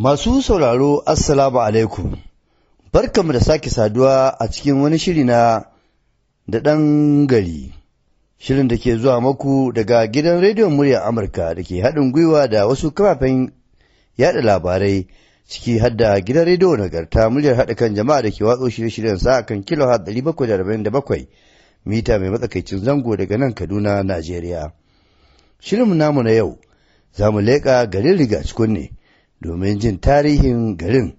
Masu sauraro Assalamu alaikum, barkamu da sake saduwa a cikin wani shiri na da ɗan gari, shirin da ke zuwa maku daga gidan rediyon murya Amurka da ke haɗin gwiwa da wasu kafafen yada labarai ciki hadda gidan rediyo nagarta muryar haɗa kan jama'a da ke watso shirye-shiryen sa kan kilo bakwai, mita mai matsakaicin zango daga nan Kaduna, Najeriya. Shirin namu na yau, za mu leƙa garin Rigaskun ne. domin jin tarihin garin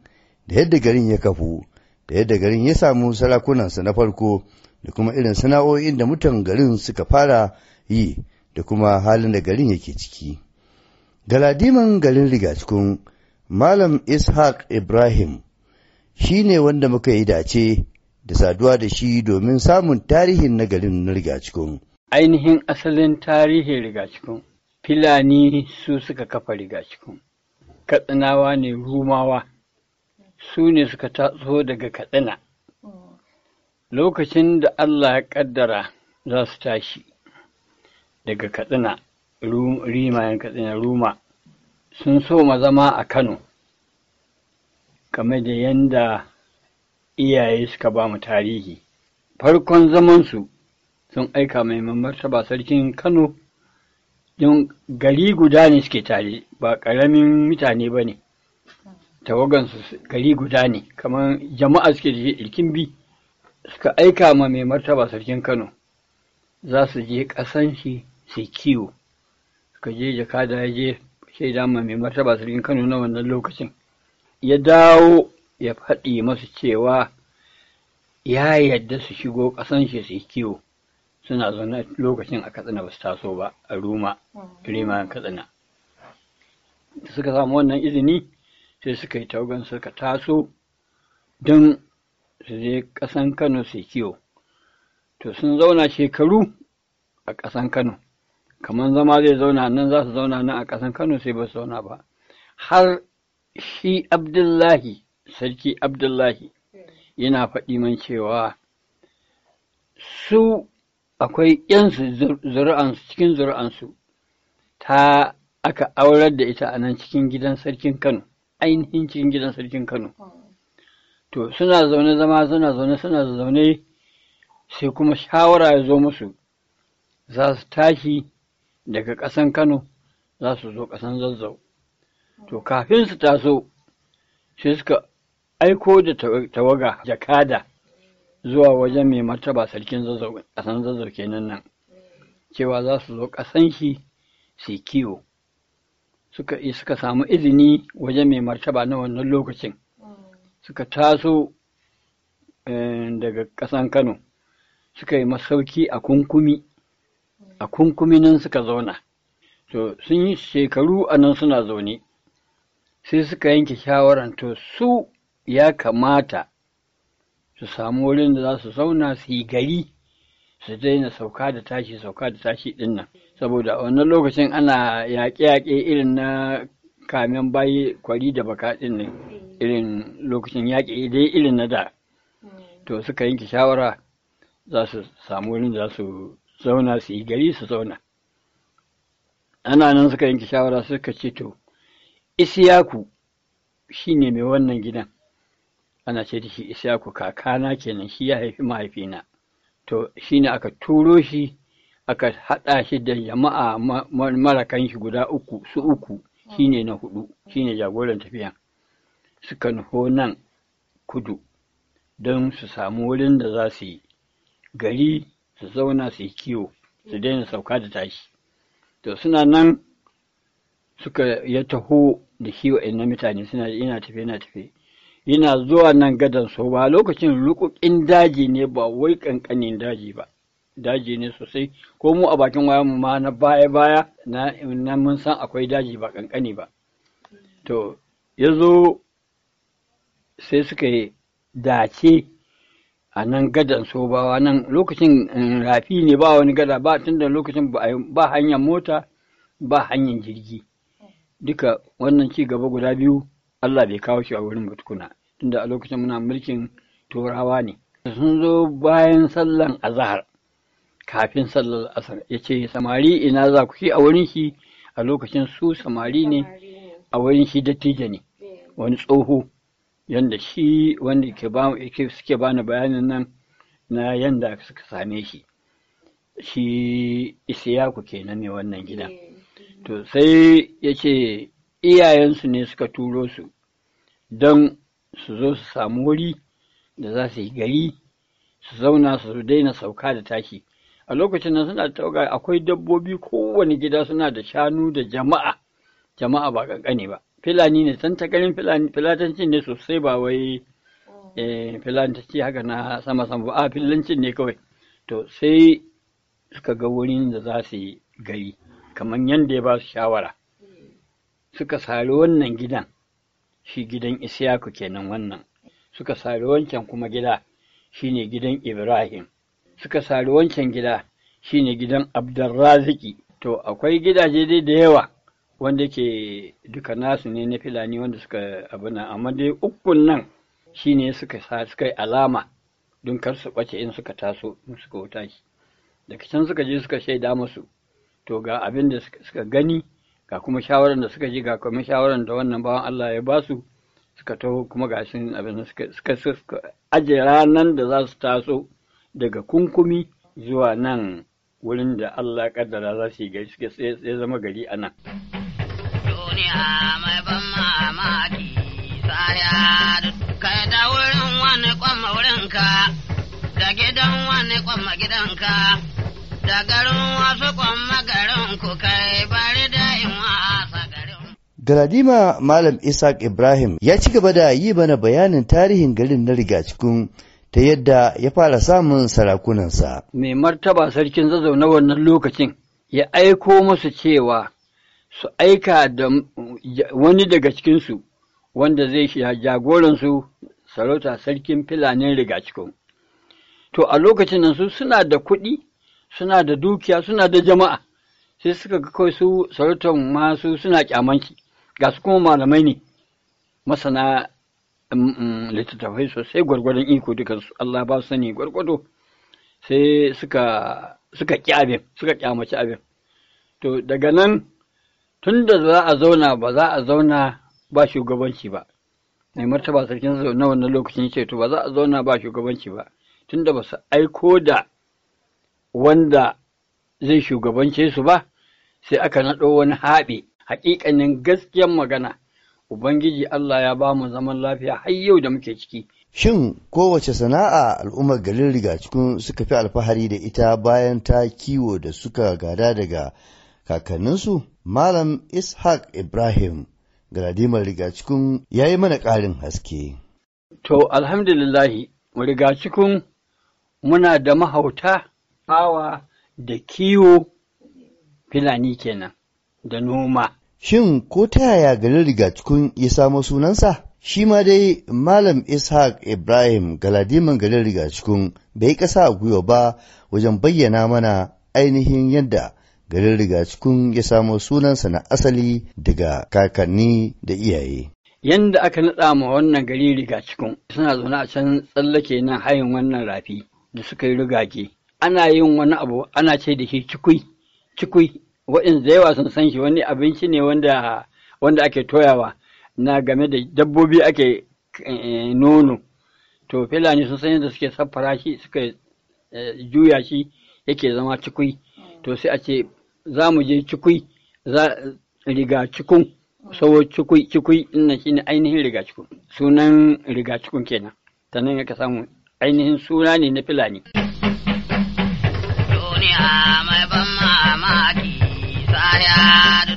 da yadda garin ya kafu da yadda garin ya samu sarakunansa na farko da kuma irin sana'o'in da mutan garin suka fara yi da kuma halin da garin yake ciki. Galadiman garin Rigacikun Malam Ishaq Ibrahim shi ne wanda muka yi dace da saduwa da shi domin samun tarihin na garin na Rigacikun. Ainihin asalin tarihin Rigacikun, Filani su suka kafa Rigacikun. katsinawa ne rumawa su ne suka taso daga katsina lokacin da allah ya kaddara za su tashi daga katsina rimayen katsina ruma sun so zama a kano kamar da yadda iyaye suka ba mu tarihi farkon zamansu sun aika mai martaba sarkin kano don gari guda ne suke tare ba ƙaramin mutane ba ne tawagansu gari guda ne kamar jama'a suke da ilkin bi suka aika ma mai martaba sarkin kano za su je ƙasan shi su kiwo suka je jakada ya je shaida ma mai martaba sarkin kano na wannan lokacin ya dawo ya faɗi masu cewa ya yadda su shigo ƙasan shi su kiwo suna zaune lokacin a katsina basu taso ba a ruma rima katsina da suka samu wannan izini sai suka yi taugan suka taso don su je ƙasan kano su kiwo to sun zauna shekaru a ƙasan kano kamar zama zai zauna nan za su zauna nan a ƙasan kano sai ba su zauna ba har shi abdullahi sarki abdullahi hmm. yana faɗi man cewa su akwai ƙyansu zuri'ansu cikin zuri'ansu ta aka aurar da ita a nan cikin gidan sarkin Kano ainihin cikin gidan sarkin Kano to suna zaune zama suna zaune suna zaune sai kuma shawara ya zo musu za su tashi daga ƙasan Kano za su zo ƙasan zazzau to kafin su taso sai suka aiko da tawaga jakada zuwa wajen mai martaba sarkin ƙasan zazzau kenan nan cewa za su zo ƙasan shi su kiwo suka eh, suka samu izini wajen mai martaba na wannan lokacin suka taso eh, daga ƙasan kano suka yi masauki a kunkumi a kunkumi nan suka zauna to sun yi shekaru a nan suna zaune sai suka yanke shawaran to su ya kamata su samu wurin da za su zauna su yi gari su daina sauka da tashi sauka da tashi din nan saboda a wannan lokacin ana yaƙe-yaƙe irin na kamen bayi kwari da baka din nan irin lokacin yaƙe dai irin na da to suka yanke shawara za su samu wurin da za su zauna su yi gari su zauna ana nan suka yanke shawara suka ce to isiyaku shine mai wannan gidan ana ce da shi Ishaku kakana kenan shi ya haifi mahaifina to shi ne aka turo shi aka haɗa shi da jama'a marakan shi guda uku su uku shi ne na hudu shi ne jagoran tafiya suka nufo nan kudu don su samu wurin da za su yi gari su zauna su yi kiwo su daina sauka da tashi to suna nan suka ya taho da kiwo na mutane suna yana tafe yana tafe yana zuwa nan gadon so ba lokacin rukukin daji ne ba wai kankanin daji ba daji ne sosai ko mu a bakin waya mu ma na baya baya na, nan mun san akwai daji ba kankani ba to ya zo sai suka yi dace a nan gadan sobawa nan lokacin um, rafi ne ba wani gada ba tunda lokacin ba hanyar mota ba hanyar jirgi duka wannan ci gaba guda biyu Allah bai kawo shi a wurin ba tukuna tunda a lokacin muna mulkin turawa ne sun zo bayan sallan azahar kafin sallar asar yace samari ina za ku a wurin shi a lokacin su samari ne a wurin shi dattijo ne wani tsoho yanda shi wanda ke ba suke bani bayanin nan na yanda suka same shi shi isiyaku kenan ne wannan gidan eh, to sai yace iyayensu ne suka turo su don su zo su samu wuri da za su yi gari su zauna su daina sauka da tashi a lokacin nan suna tauga akwai dabbobi kowane gida suna da shanu da jama'a jama'a ba kankane ba filani ne san ta garin filatancin ne sosai ba wai eh, filatanci haka na sama sama ba a filancin ne kawai to sai suka ga wurin da za su yi gari kamar yadda ya ba su shawara suka sari wannan gidan shi gidan Isiyaku kenan wannan suka sari wancan kuma gida shine gidan Ibrahim suka sari wancan gida shine gidan Abdurraziki to akwai gidaje dai da yawa wanda ke duka nasu ne na filani wanda suka abuna amma dai ukun nan shine suka suka yi alama don kar su ɓace in suka taso in suka wuta shi daga can suka je suka shaida musu to ga abin da suka gani ga kuma shawaran da suka ji ga kuma shawaran da wannan bawan Allah ya ba su suka taho kuma ga shi abin suka suka aje ranan da za su taso daga kunkumi zuwa nan wurin da Allah kaddara za su yi gari suke sai zama gari a nan. Duniya mai ban mamaki tsariya kai da wurin wani kwamma ka da gidan wani kwamma gidanka da garin wasu kwamma garin ku kai ba Galadima Malam Isaac Ibrahim ya ci gaba da yi bana bayanin tarihin garin na riga cikin ta yadda ya fara samun sarakunansa. Mai martaba sarkin zazzau na wannan lokacin ya aiko masu cewa su aika da wani daga cikinsu wanda zai jagoransu sarauta sarkin filanin riga cikin. To a lokacin nan su suna da kuɗi, suna da dukiya, suna da jama'a, sai suka kawai su sarautar masu suna kyamanci. ga su kuma malamai ne masana mm, mm, littattafai sosai gwargwadon iko duka Allah ba su sani gwargwado sai suka suka ƙi suka ƙyamaci abin to daga nan tun da za a zauna ba za a zauna ba shugabanci ba mai martaba sarkin na wannan lokacin ce to ba za a zauna ba shugabanci ba tun da ba su aiko da wanda zai shugabance su ba sai aka naɗo wani haɓe Hakikanin gaskiyar magana, Ubangiji Allah ya ba mu zaman lafiya har yau da muke ciki. Shin kowace sana'a al'ummar garin rigacikun suka fi alfahari da ita bayan ta kiwo da suka gada daga kakanninsu? Malam Ishaq Ibrahim Galadimar rigacikun ya yi mana ƙarin haske. To, alhamdulillahi, rigacikun muna da mahauta, awa da kiwo Filani kenan. da noma. Shin ko ta yaya garin rigacikun ya samo sunansa? Shi ma dai Malam Ishaq Ibrahim Galadiman garin rigacikun bai kasa a gwiwa ba wajen bayyana mana ainihin yadda garin rigacikun ya samo sunansa na asali daga kakanni da iyaye. Yanda aka naɗa ma wannan gari rigacikun suna zaune a can tsallake nan hayin wannan rafi da suka yi rigage. Ana yin wani abu ana ce da shi cikui, cikui wa'in da yawa sun san shi wani abinci ne wanda wanda ake toyawa na game da dabbobi ake eh, nono to filani sun san yadda suke saffara shi suka eh, juya shi yake zama cikui to sai a ce za mu je cikui za riga cikun sawo cikui cikui ina shi ne ainihin riga cikun sunan riga cikun kenan ta nan ka samu ainihin suna ne na filani duniya mai ban mamaki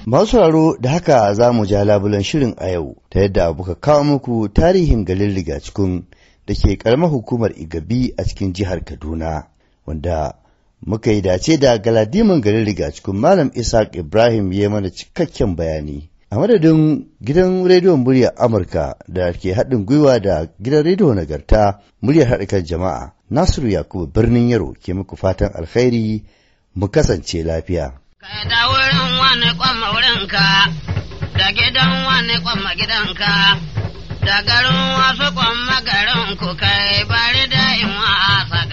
Masu raro da haka za mu ja labulan shirin a yau ta yadda buka kawo muku tarihin garin rigacikun da ke karamar hukumar Igabi a cikin jihar Kaduna wanda muka yi dace da galadiman garin rigacikun Malam Isaac Ibrahim ya mana cikakken bayani. A madadin gidan rediyon muryar Amurka da ke haɗin gwiwa da gidan rediyo nagarta muryar haɗikan jama'a Nasiru Yakubu birnin Yaro ke muku fatan alkhairi mu kasance lafiya. da wurin wani kwamma wurinka da gidan wani kwamma gidanka da garin wasu kwamma garin ku kai bari da in wa'asa